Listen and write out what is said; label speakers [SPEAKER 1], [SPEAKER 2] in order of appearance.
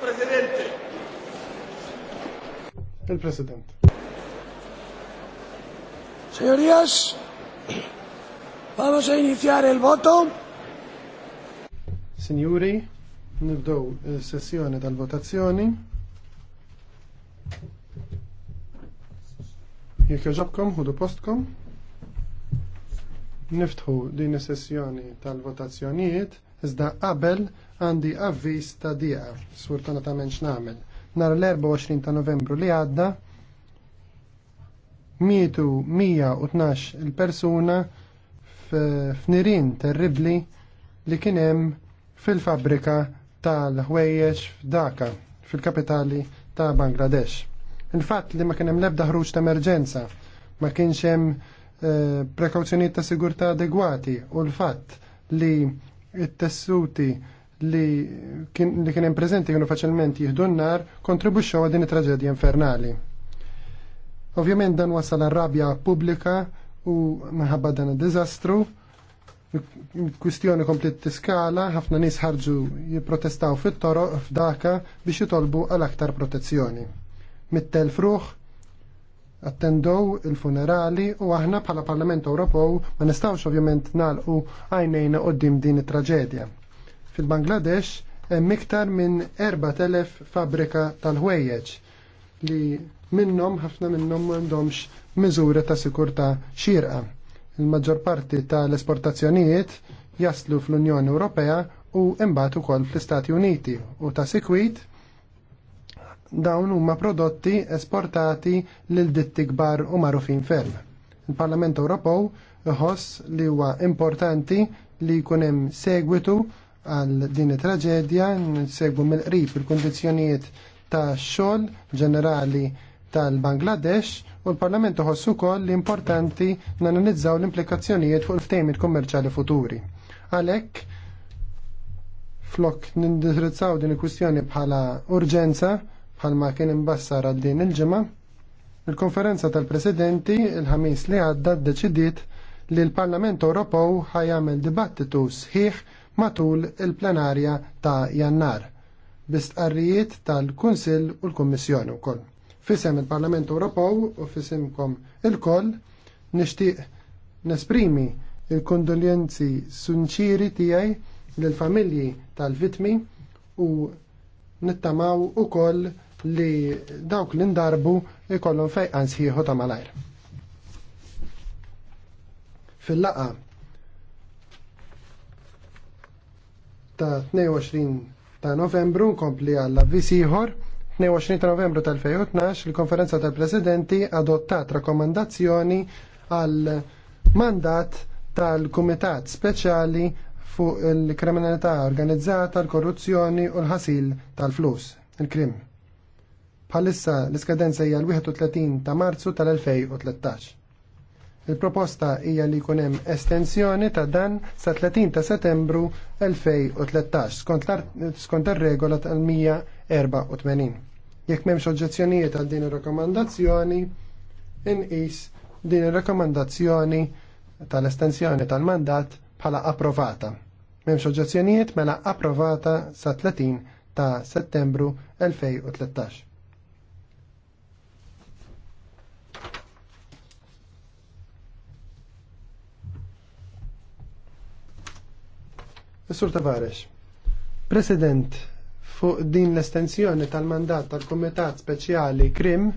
[SPEAKER 1] Presidente. El presidente. Señorías, vamos a iniciar el voto. Signori, nibdow eh, sessione dal votazioni. Jekk jaġobkom, hudu postkom. Niftħu din sessjoni tal-votazzjonijiet iżda qabel għandi avviż ta' dija, sur x'namel ta' menx namel. Nar l-24 ta' novembru li għadda, mietu 112 il-persuna f'nirin terribli li kienem fil-fabrika tal-ħwejjeġ f'Daka, fil-kapitali ta' Bangladesh. Il-fatt li ma kienem lebda ħruġ ta' emerġenza, ma kienx hemm eh, prekawzjonijiet ta' sigurtà adegwati u l-fatt li t tessuti li kien hemm preżenti kienu faċilment jieħdu n-nar kontribuxxew għal din it-traġedja infernali. Ovvjament dan wasal għar-rabja pubblika u minħabba dan id-diżastru, kwistjoni komplet tiskala, ħafna nies ħarġu jipprotestaw fit-toroq f'daka biex jitolbu għal aktar protezzjoni. Mittel fruħ, attendow il-funerali u aħna bħala Parlament Ewropew ma nistgħux ovvjament nagħlqu għajnejna qudiem din it-traġedja. Fil-Bangladesh hemm iktar minn 4000 fabrika tal-ħwejjeġ li minnhom ħafna minnhom m'għandhomx miżura ta' sikurtà xirqa. Il-maġġor parti tal-esportazzjonijiet jaslu fl-Unjoni Ewropea u imbagħad ukoll fl-Istati Uniti u ta' sikwit dawn huma prodotti esportati lil ditti kbar u magħrufin ferm. Il-Parlament Ewropew iħoss li huwa importanti li jkun hemm segwitu għal din it-traġedja, nsegbu mill-qrib il-kondizjonijiet ta' xogħol ġenerali tal-Bangladesh u l-Parlament ħossu wkoll li importanti nanalizzaw l-implikazzjonijiet fuq il-ftejmit kummerċali futuri. Għalhekk flok nindirizzaw din il-kwistjoni bħala urġenza bħalma kien imbassar għal din il-ġimgħa. Il-konferenza tal-Presidenti il-ħamis li għadda ddeċidiet li l-Parlament Ewropew ħajamel dibattitu sħiħ matul il-plenarja ta' jannar bistqarrijiet tal-Kunsill u l-Kummissjoni wkoll. Fisem il-Parlament Ewropew u fisimkom il-koll nixtieq nesprimi il-kondoljenzi sunċiri tiegħi lill-familji tal-vitmi u nittamaw ukoll li dawk l-indarbu ikollhom fejqan sħiħu ta' malajr. Fil-laqa ta' 22 ta' novembru nkompli għalla visiħor 22 ta' novembru tal-2012 il-konferenza tal-presidenti adottat rakkomandazzjoni għal mandat tal-Kumitat Speċjali fuq il-Kriminalità Organizzata, l-Korruzzjoni u l-ħasil tal-flus, il-krim. Bħalissa l-iskadenza hija l-31 ta' Marzu tal-2013. Il-proposta hija li jkun hemm estensjoni ta' dan sa 30 ta' Settembru 2013 skont ir-regola tal-184. Jekk m'hemmx oġġezzjonijiet għal din ir-rakkomandazzjoni, inqis din ir-rakkomandazzjoni tal-estensjoni tal-mandat bħala approvata. M'hemmx oġġezzjonijiet mela approvata sa 30 ta' Settembru 2013. Sur Tavares, President, fuq din l-estensjoni tal-mandat tal-Komitat Speċjali Krim,